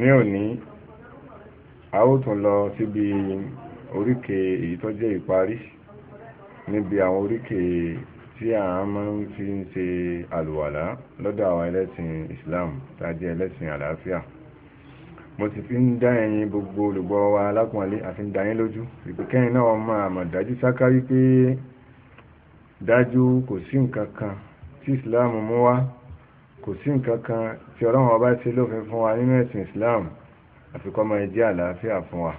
ní òní a ó tún lọ síbi oríkè èyí tó jẹ́ ìparí níbi àwọn oríkè tí a máa ń fi ń ṣe àlùwàlá lọ́dọ̀ àwọn ẹlẹ́sìn Islam tá a jẹ́ ẹlẹ́sìn àlàáfíà mo ti fi ń dá ẹ̀yin gbogbo olùgbọ́ wa alákùnrinlé àfi ń dá yín lójú ìpìkẹ́yìn náà máa mọ̀ dájú sáká wípé dájú kò sí nǹkan kan tí Islam mú wá kò sí nǹkan kan tí ọlọ́run ọba ṣe lófin fún wa nínú ẹ̀sìn Islam àfi kó máa jẹ́ àlàáfíà fún wa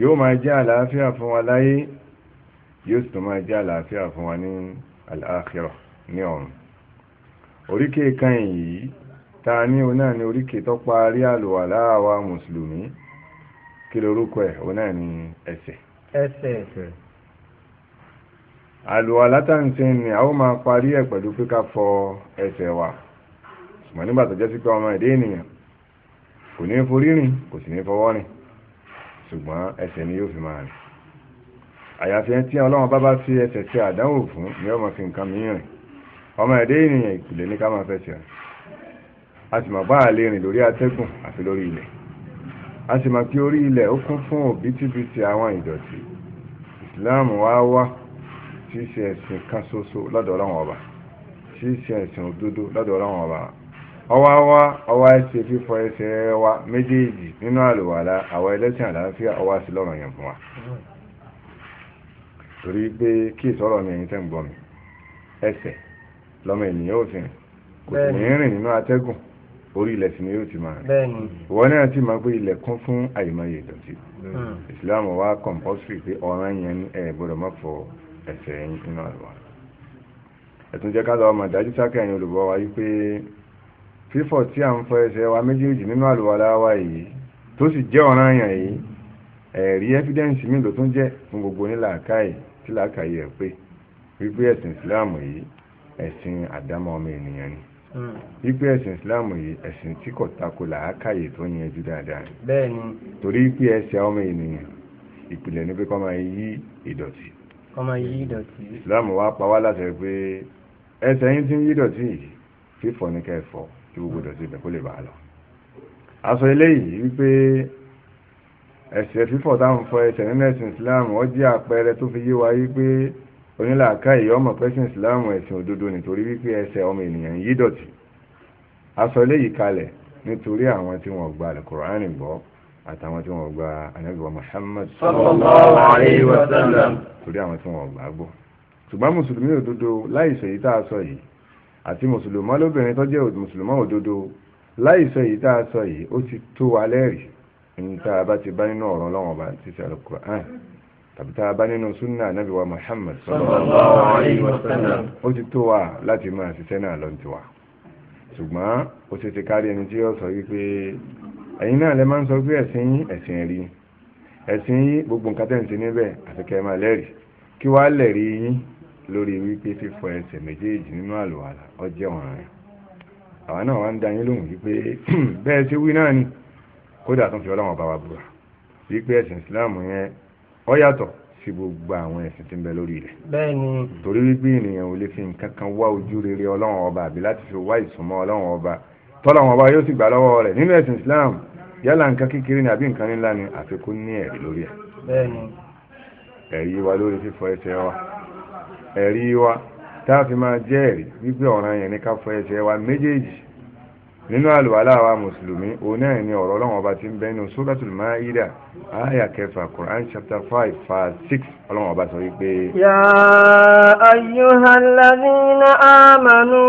yóò máa jẹ́ àlàáfíà fún wa láyé yóò sì máa jẹ́ àlàáfíà fún wa ní al ní ọ̀run oríkè kan yìí ta ní o ní oríkè tó parí àlùwàlá wa mùsùlùmí kí lorúkọ ẹ̀ o náà ní ẹsẹ̀ ẹsẹ̀ àlùwàlá tá ni a ó máa parí ẹ̀ pẹ̀lú pé ká fọ ẹsẹ̀ wa ṣùgbọ́n nígbà tó jẹ́ sí pé ọmọ èdè ènìyàn kò ní forí rìn kò sì ní fọwọ́ rìn ṣùgbọ́n ẹsẹ̀ ni yóò fi máa rìn àyàfi ẹni tí ọlọ́run bá bá fi ẹsẹ̀ ṣe àdánwò fún ni ọmọ fi nǹkan mí rìn ọmọ èdè ènìyàn ìpìlẹ̀ ní ká máa fẹsẹ̀ rìn a sì mọ̀ bá àlè rìn lórí atẹ́gùn àfi lórí ilẹ̀ a sì mọ̀ pé orí ilẹ̀ ó kún fún òbítíbitì àwọn ìdọ̀tí ìsìláàmù wá wá tí í ṣe ẹ̀sìn kan ṣoṣo lọ́dọ̀ ọlọ́wọ́n ọba tí í ṣe ẹ̀sìn òdodo lọ́dọ̀ ọlọ́wọ́n ọba ọwọ́ wa ọwọ́ ẹsẹ̀ fífọ ẹsẹ̀ wa méjèèjì nínú àlùwàlá àwọn ẹlẹ́sìn àlàáfíà ọwọ́ àti lọ́rọ̀ yẹn fún wa torí pé kí ìsọ̀rọ̀ mi ẹ̀yin tẹ́ ń gbọ́ mi ẹsẹ̀ lọ́mọ ènìyàn ò fi rìn kò sì ní rìn nínú atẹ́gùn orí ilẹ̀ sí ni yóò ti máa rìn ìwọ́n náà ti máa pé ilẹ̀ kún fún àyèmáyè ìdọ̀tí ìsìláàmù hmm. wa compulsory pé ọ̀ràn yẹn ẹ̀ gbọ́dọ̀ má fọ ese inú àlùwà ẹ̀tún jẹ́ ká ọmọ ìdájú sákẹ́ ẹ̀yìn olùbọ̀ wa yí pé fífọ̀ tí a ń fọ ẹsẹ̀ wa méjèèjì nínú àlùwà láwa yìí tó sì jẹ́ ọ̀ràn àyàn yìí ẹ̀rí ẹ́fídẹ́ǹsì mi ló tún jẹ́ fún gbogbo onílàákàyè tí làákàyè ẹ̀ pé wípé ẹ̀sìn ìsìláàmù yìí ẹ̀sìn àdámọ́ ọmọ ènìyàn ni hmm. wípé ẹ̀sìn yìí ẹ̀sìn tí kò tako làákàyè tó dáadáa ni torí ọmọ ènìyàn ìpìlẹ̀ ní pé máa yí ìdọ̀tí ọmọ yí ìdọ̀tí. Ìsìláàmù wa pa wá láti ẹ pé ẹsẹ̀ yín ti ń yí ìdọ̀tí yìí fífọ̀ ní kẹfọ̀ kí gbogbo ìdọ̀tí ibẹ̀ kó lè bàá lọ. Aṣọ eléyìí wípé ẹsẹ̀ fífọ̀ táwọn fọ ẹsẹ̀ nínú ẹ̀sìn Ìsìláàmù ó jẹ́ àpẹẹrẹ tó fi yé wa wípé onílàáká yìí ọmọ pẹ́sìn Ìsìláàmù ẹ̀sìn òdodo nítorí wípé ẹsẹ̀ ọmọ ènìyàn yí ìdọ̀tí. Aṣọ eléyìí kalẹ̀ nítorí àwọn tí wọ́n gba Al-Kùránì gbọ́ àtàwọn tí wọ́n gba ànábì wa Muhammad sallallahu alayhi wa sallam torí àwọn tí wọ́n gbà gbọ́ ṣùgbọ́n mùsùlùmí òdodo láìsọ èyí tá a sọ yìí àti mùsùlùmá lóbìnrin tó jẹ́ mùsùlùmá òdodo láìsọ èyí tá a sọ yìí ó ti tó wa lẹ́rìí ní bá ti bá nínú ọ̀rọ̀ Ọlọ́run Ọba títí Al-Qur'an tàbí tá a bá nínú súnà nábì wa Muhammad sallallahu alayhi wa sallam ó ti tó wa láti máa ṣiṣẹ́ náà lọ́n ẹ̀yin náà lẹ máa ń sọ pé ẹ̀sìn yín ẹ̀sìn rí ẹ̀sìn yín gbogbo nǹkan tẹ̀ ń ṣe níbẹ̀ àti kẹ́ ẹ máa lẹ́rìí kí wàá lẹ̀rí yín lórí wípé fífọ ẹsẹ̀ méjèèjì nínú àlùwàlà ọjẹ́ ọ̀ràn rẹ̀ àwọn náà wá ń da yín lóhùn wípé bẹ́ẹ̀ ṣe wí náà ni kódà tó fi ọlọ́wọ́n bá wa búra wípé ẹ̀sìn ìsìláàmù yẹn ó yàtọ̀ sí gbogbo àwọn ẹ̀sìn tí ń bẹ lórí rẹ̀ bẹ́ẹ̀ni torí wípé ènìyàn ò lè fi nǹkan kan wá ojú rere ọlọ́wọ́n ọba àbí láti fi wá ìsúnmọ́ ọlọ́wọ́n ọba tọ́lá wọn bá yóò sì gbà lọ́wọ́ rẹ̀ nínú ẹ̀sìn Islam yálà nǹkan kékeré ni àbí nǹkan ńlá ni àfikún ní ẹ̀rí lórí ẹ̀ ẹ̀rí wa lórí fífọ ẹsẹ̀ wa ẹ̀rí wa tá a fi máa jẹ́ ẹ̀rí wípé ọ̀ràn yẹn ní ká fọ ẹsẹ̀ wa méjèèjì nínú àlùwàlá wa mùsùlùmí òun náà ni ọ̀rọ̀ ọlọ́run ọba ti ń bẹ́nu suratul maida aya kẹfà quran chapter five verse six ọlọ́run ọba sọ wípé. ya ayyuhalladhina amanu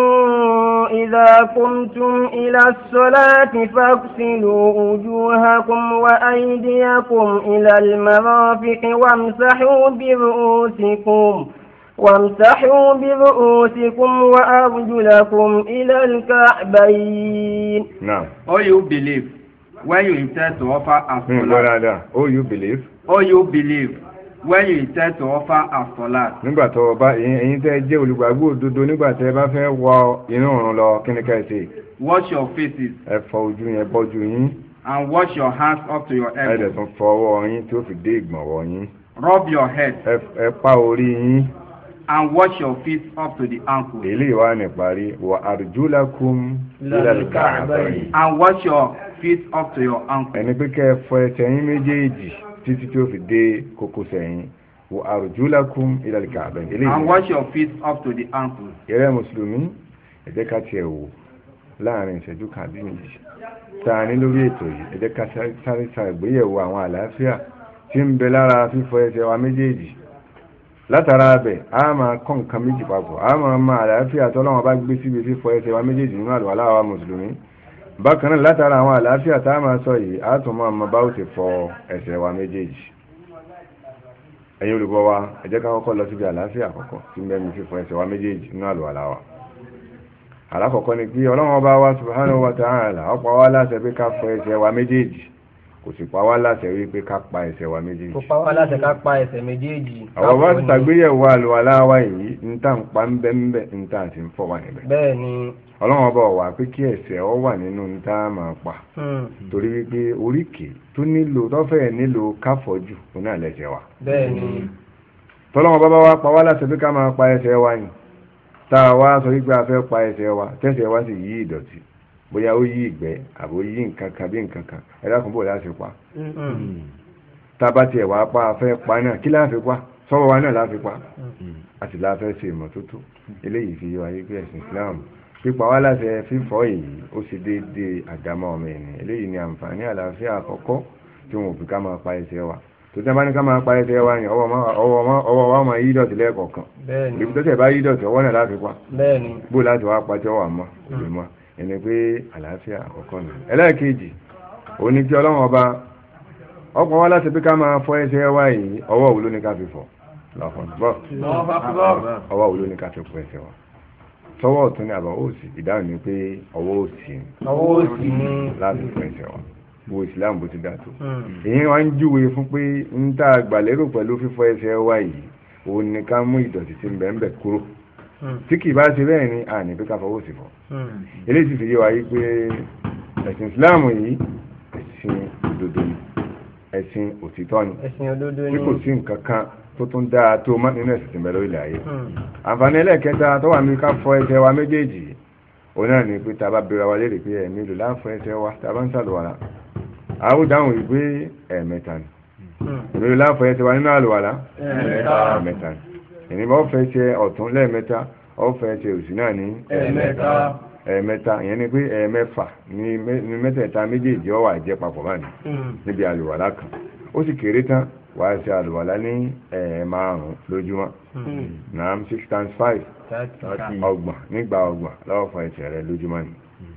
idha qumtum ila as-salati faghsilu wujuhakum wa aydiyakum ila al-marafiqi wamsahu bi ru'usikum. وامسحوا برؤوسكم وأرجلكم إلى الكعبين نعم All you believe when you intend to offer as hmm, salat. All you believe. All you believe when you intend to offer as salat. Nígbà tó o bá ẹ̀yin tẹ́ jẹ́ olùgbàgbọ́ òdodo nígbà tẹ́ ẹ bá fẹ́ wọ inú òrùn lọ kíni ká Wash your faces. Ẹ fọ ojú yẹn bọ́jú yín. And wash your hands up to your elbows. Ẹ dẹ̀ tún fọ yín tí ó fi dé ìgbọ̀nwọ́ yín. Rub your head. Ẹ pa orí yín and wash your feet up to the ankle. Ilé ìwà ni parí wà arjulakum ilal ka'bayn. And wash your feet up to your ankle. Ẹni pé kẹ́ ẹ fọ ẹsẹ̀ yín méjèèjì títí tí ó fi dé kókósẹ̀ yín. Wà arjulakum ilal ka'bayn. Ilé ìwà. And wash your feet up to the ankle. Ìrẹ́ Mùsùlùmí, ẹ ká tiẹ̀ wò láàrin ìṣẹ́jú kan méjì. Tá lórí ètò yìí, ẹ ká sáré sáré àwọn àlàáfíà tí ń bẹ lára fífọ ẹsẹ̀ wa méjèèjì látara abẹ a máa kọ́ nǹkan méjì papọ̀ a máa ma àlàáfíà tọ́lọ́wọ́n bá gbé síbi fífọ ẹsẹ̀ wa méjèèjì nínú àlùwàlá wa mùsùlùmí bákan náà látara àwọn àlàáfíà tá a máa sọ yìí a tún máa ma bá ó ti fọ ẹsẹ̀ wa méjèèjì ẹ̀yin olùgbọ́ wa ẹ jẹ́ ká kọ́kọ́ lọ síbi àlàáfíà àkọ́kọ́ tí mẹ́mi fífọ ẹsẹ̀ wa méjèèjì nínú àlùwàlá wa àlákọ̀ọ́kọ́ ni pé ọlọ́wọ́n bá wa subhanahu wa ta'ala ọ̀pọ̀ wa láṣẹ pé ká fọ ẹsẹ̀ wa méjèèjì kò sì pa wá láṣẹ wípé ká pa ẹsẹ̀ wa méjèèjì. kò pa wá láṣẹ ká pa ẹsẹ̀ méjèèjì. àwọn bá ti ṣàgbéyẹ̀wò àlùwàlá wa yìí ń tà ń pa ń bẹ́ ń bẹ́ ń tà sí ń fọ̀ wá níbẹ̀. bẹ́ẹ̀ ni. ọlọ́run ọba ọ̀wà pé kí ẹsẹ̀ ọ wà nínú ń tá máa pa. Hmm. torí wípé oríkèé tó nílò tọ́fẹ̀ nílò káfọ́jú òun náà lẹ́sẹ̀ wa. bẹ́ẹ̀ ni. Hmm. tọ́lọ́run bàbá wa pa wá láṣẹ pé ká máa pa ẹsẹ̀ wa yìí tá a wá sọ wípé a fẹ́ pa ẹsẹ̀ wa tẹ́sẹ̀ wa sì yí ìdọ̀tí bóyá ó yí ìgbẹ́ àbó yí nǹkan kan bí nǹkan kan ẹ dákun bò láti pa mm-hmm. tába tiẹ̀ wá pa afẹ́ pa náà kí láàfin pa sọ́wọ́ wa náà láàfin pa mm-hmm. a sì ṣe ìmọ̀tótó eléyìí fi yọ ayé pé ẹ̀sìn Islam pípa wá láti fífọ́ èyí ó ṣe déédéé àdámọ́ ọmọ ẹ̀nì eléyìí ni àǹfààní àlàáfíà àkọ́kọ́ tí wọn ò fi ká máa pa ẹsẹ̀ wa tó bá ní ká máa pa ẹsẹ̀ wa ni ọwọ́ wa máa yí dọ̀tí lẹ́ẹ̀kọ̀ọ̀kan ibi tó tẹ̀ bá yí dọ̀tí ọwọ́ náà láàfin pa bó láti wá pa tí ọwọ́ àmọ́ òbí mọ́ ẹni pé àlàáfíà àkọ́kọ́ nù ẹlẹ́ẹ̀kejì òní kí ọlọ́run ọba ọ̀pọ̀ wá láti pé ká máa fọ ẹsẹ̀ wa yìí ọwọ́ òwúlò ní ká fi fọ ọwọ́ òwúlò ní ká fi fọ ẹsẹ̀ wa tọwọ́ ọ̀tún ní àbá òsì ìdáhùn ni pé ọwọ́ òsì láti fọ ẹsẹ̀ wa gbogbo ìsìláàmù bó ti dá tó hmm. èyí wá ń júwe fún pé ń tá a gbàlérò pẹ̀lú fífọ ẹsẹ̀ wa yìí òun ni ká mú ìdọ̀tí tí ń bẹ kúrò tí kì í bá ṣe bẹ́ẹ̀ ni àní pé ká fọwọ́ sí fọ́ hmm. eléyìí sì fi yé wa yí pé ẹ̀sìn Islam yìí ẹ̀sìn òdodo ni ẹ̀sìn òtítọ́ ni tí kò sí nǹkan kan tó tún dáa tó má nínú ẹ̀sìn tìǹbẹ̀ ilẹ̀ ayé hmm. àǹfààní ẹlẹ́ẹ̀kẹta tó wà ní ká fọ ẹsẹ̀ wa méjèèjì òun náà ni pé tá a bá bẹ̀rẹ̀ wa léèrè pé ẹ̀mí lò láǹfọ̀ ẹsẹ̀ wa tá a bá ń sàlùwàlà a ó dáhùn yìí pé ẹ̀ẹ̀mẹta ni èmi lò láǹfọ̀ ẹsẹ̀ wa nínú àlùwàlà ẹ̀ẹ̀mẹta ni èmi bá fẹ́ ṣe ọ̀tún lẹ́ẹ̀mẹ́ta ó fẹ́ ṣe òsì náà ní ẹ̀ẹ̀mẹ́ta ẹ̀ẹ̀mẹ́ta ìyẹn ni pé ẹ̀ẹ̀mẹ́fà ní mẹ́tẹ̀ẹ̀ta méjèèjì ó wá jẹ́ papọ̀ báyìí hmm. níbi àlùwàlá kan ó sì kéré tán wàá ṣe àlùwàlá ní ẹ̀ẹ̀márùn-ún lójúmọ́ hmm. náà six times five ọgbọ̀n nígbà ọgbọ̀n lọ́wọ́ fún ẹsẹ̀ rẹ lójúmọ́ ni. Hmm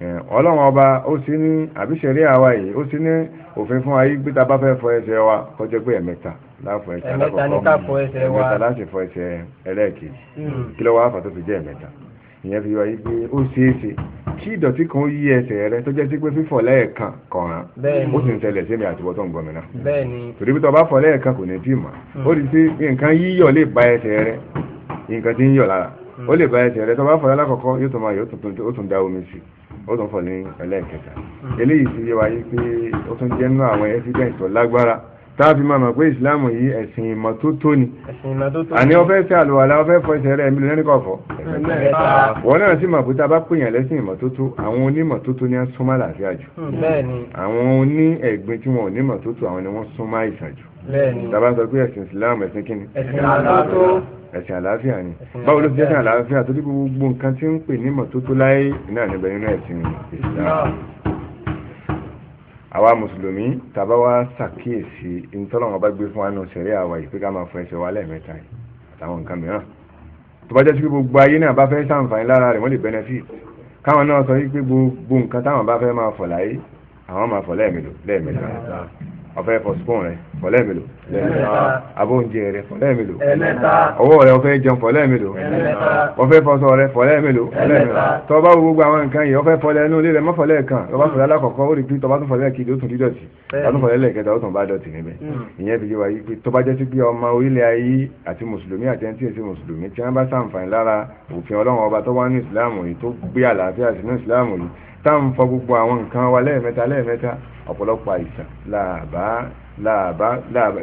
ọlọ́run ọba ó sì ní àbíṣẹ̀rí àwa yìí ó sì ní òfin fún ayé gbé tá fẹ́ fọ ẹsẹ̀ wa kọjá pé ẹ̀mẹ́ta láfọ ẹsẹ̀ alákọ̀ọ́kọ́ ẹ̀mẹ́ta láti fọ ẹsẹ̀ ẹlẹ́ẹ̀kejì hmm. kí ló wá fà tó fi jẹ́ ẹ̀mẹ́ta ìyẹn fi wáyé pé ó ṣeé ṣe kí ìdọ̀tí kan yí ẹsẹ̀ rẹ tó jẹ́ sí pé fífọ̀ lẹ́ẹ̀kan kọ̀ọ̀ràn ó sì ń ṣẹlẹ̀ sí mi àti bọ́tọ̀ ń gbọmìnà torí pé tó bá fọ̀ lẹ́ẹ̀kan kò ní tí mà hmm. ó rí sí nǹkan yíyọ̀ lè ba ẹsẹ̀ rẹ nǹkan tí ń yọ̀ lára ó hmm. lè ba ẹsẹ̀ rẹ tó bá fọ̀ lálákọ̀ọ́kọ́ yóò tún máa yọ̀ ó tún da omi sí i ó tún fọ̀ ní ẹlẹ́ẹ̀kẹta eléyìí ti yé wa yí pé ó tún jẹ́ nínú àwọn evidence tó lágbára táàfin máa mọ̀ pé ìsìláàmù yìí ẹ̀sìn ìmọ́tótó ni àní ọ̀fẹ́ sí àlùwàlá ọ̀fẹ́ fọ ẹsẹ̀ rẹ̀ ẹ̀mí lónìí kọ̀ọ̀fọ́ wọn náà sì mọ̀ pé tá a bá pèèyàn lẹ́sìn ìmọ́tótó àwọn onímọ́tótó ni wọ́n súnmọ́ àlàáfíà jù àwọn oní ẹ̀gbin tí wọn ò ní mọ́tótó àwọn ni wọ́n súnmọ́ àìsàn jù tàbá sọ pé ẹ̀sìn Islam ẹ̀sìn kíni ẹ̀sìn àlàáfíà ni báwo ló ti jẹ́sìn àlàáfíà tó dípò gbogbo nǹkan tí ń pè ní mọ̀tótó láyé náà níbẹ̀ nínú ẹ̀sìn Islam àwa mùsùlùmí tàbá wá ṣàkíyèsí ìtọ́lọ́wọ́n bá gbé fún wa nù sẹ̀rí àwa yìí pé ká máa fọ ẹsẹ̀ wa lẹ́ẹ̀mẹ́ta yìí àtàwọn nǹkan mìíràn tó bá jẹ́ sí gbogbo ayé náà bá fẹ́ sàǹfààní lára rẹ̀ wọ́n lè benefit káwọn náà sọ wípé gbogbo nǹkan táwọn bá fẹ́ máa fọ̀ láyé àwọn máa fọ̀ lẹ́ẹ̀mẹ́ta ọ̀fẹ́ fọ̀sùpọ̀n rẹ̀ fọ̀lẹ́ mi lò abóúnjẹ rẹ̀ fọ̀lẹ́ mi lò ọwọ́ rẹ̀ ọ̀fẹ́ jẹun fọ̀lẹ́ mi lò ọ̀fẹ́ fọṣọ rẹ̀ fọ̀lẹ́ mi lò tó bá wo gbogbo àwọn nǹkan yìí ọ̀fẹ́ fọlẹ́ inú ilé rẹ̀ mọ́ fọlẹ́ kan tó bá fọlẹ́ alákọ̀ọ́kọ́ ó rí pé tó bá tún fọlẹ́ kejì ó tún dídọ̀tí tó tún fọlẹ́ lẹ́ẹ̀kẹta ó tún bá dọ̀tí níbẹ̀ hmm. ìyẹn fi yé wa yí pé tó bá jẹ́ sí pé ọmọ orílẹ̀ ayé àti mùsùlùmí àti ẹni tí èsì mùsùlùmí tí wọ́n bá sàǹfààní lára òfin ọlọ́run ọba tó wá ní ìsìláàmù yìí tó gbé àlàáfíà sínú ìsìláàmù yìí táwọn fọ gbogbo àwọn nǹkan wa lẹ́ẹ̀mẹ́ta lẹ́ẹ̀mẹ́ta ọ̀pọ̀lọpọ̀ àìsàn làbá làbá làbá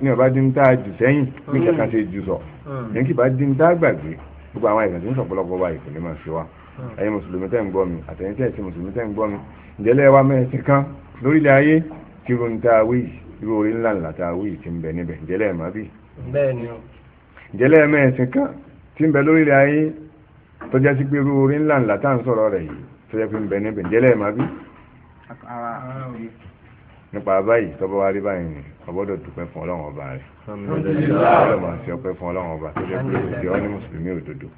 ní ọba dín tá a jù sẹ́yìn ní ìjàkà ṣe jù sọ hmm. ní kí bá dín tá a gbàgbé gbogbo àwọn àìsàn tí ń sọ̀pọ̀lọpọ̀ wa ìkò ní máa ṣe wa hmm. ẹ̀yin mùsùlùmí tẹ́ ń gbọ́ mi àtẹ̀yìn tẹ́ ẹ̀sìn mùsùlùmí tẹ́ ń gbọ́ mi ìjẹ́lẹ̀ wa mẹ́ẹ̀sìn kan lórílẹ̀ ayé kí ta awé yìí irú orí ńlá ńlá ta awé yìí ti ń bẹ níbẹ̀ ìjẹ́lẹ̀ má bì. bẹ́ẹ̀ni o. kan ti ń bẹ lórílẹ̀ ayé tọ́já sí pé irú orí ńlá ńlá tá à ń sọ̀rọ̀ rẹ̀ yìí tó yẹ pé ń bẹ níbẹ̀ ǹjẹ́lẹ̀ máa bí. nípa báyìí tọ́ba wa rí báyìí ni ọgbọ́dọ̀ dúpẹ́ fún ọlọ́run ọba rẹ̀ ọlọ́run máa ṣe ọpẹ́ fún ọlọ́run ọba tó yẹ pé ó ti ọ́ ní mùsùlùmí òdodo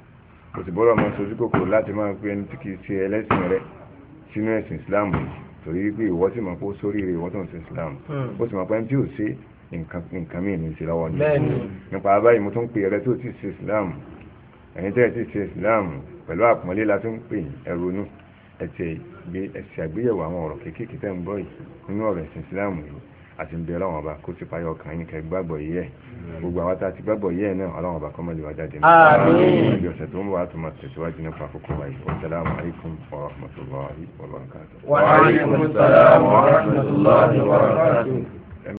kò sì bọ́dọ̀ máa sojú kòkòrò láti máa pé ẹni tí kì í ṣe ẹlẹ́sìn rẹ̀ sínú ẹ̀sìn Islam yìí torí pé ìwọ sì máa kó sórí rẹ̀ ìwọ tó ń ṣe Islam hmm. ó sì máa pẹ́ tí ò ṣe nǹkan mí ní ìṣèlọ́wọ́ ni nípa báyìí mo tún pè rẹ tó ti ṣe Islam ẹni tẹ́ ẹ ti ṣe Islam pẹ̀lú àpọ́nlé la tún pè ẹrù nù ẹ̀sẹ̀ àgbéyẹ̀wò àwọn ọ̀rọ̀ kéékèèké tẹ́ ń bọ́ yìí nínú ọ̀rọ̀ ẹ̀sìn ìsìláàmù yìí àti ń bẹ ọlọ́run ọba kó ti payọ ọkàn yín kẹ́ gbàgbọ́ yìí ẹ̀ gbogbo àwọn tá a yìí ẹ̀ náà ọlọ́run ọba kọ́ mọ́lẹ̀ wá jáde ní ibi ọ̀sẹ̀ tó ń bọ̀ àtúmọ̀ àtẹ̀síwájú nípa àkókò wa yìí wasalaamu alaykum wa rahmatulahi wa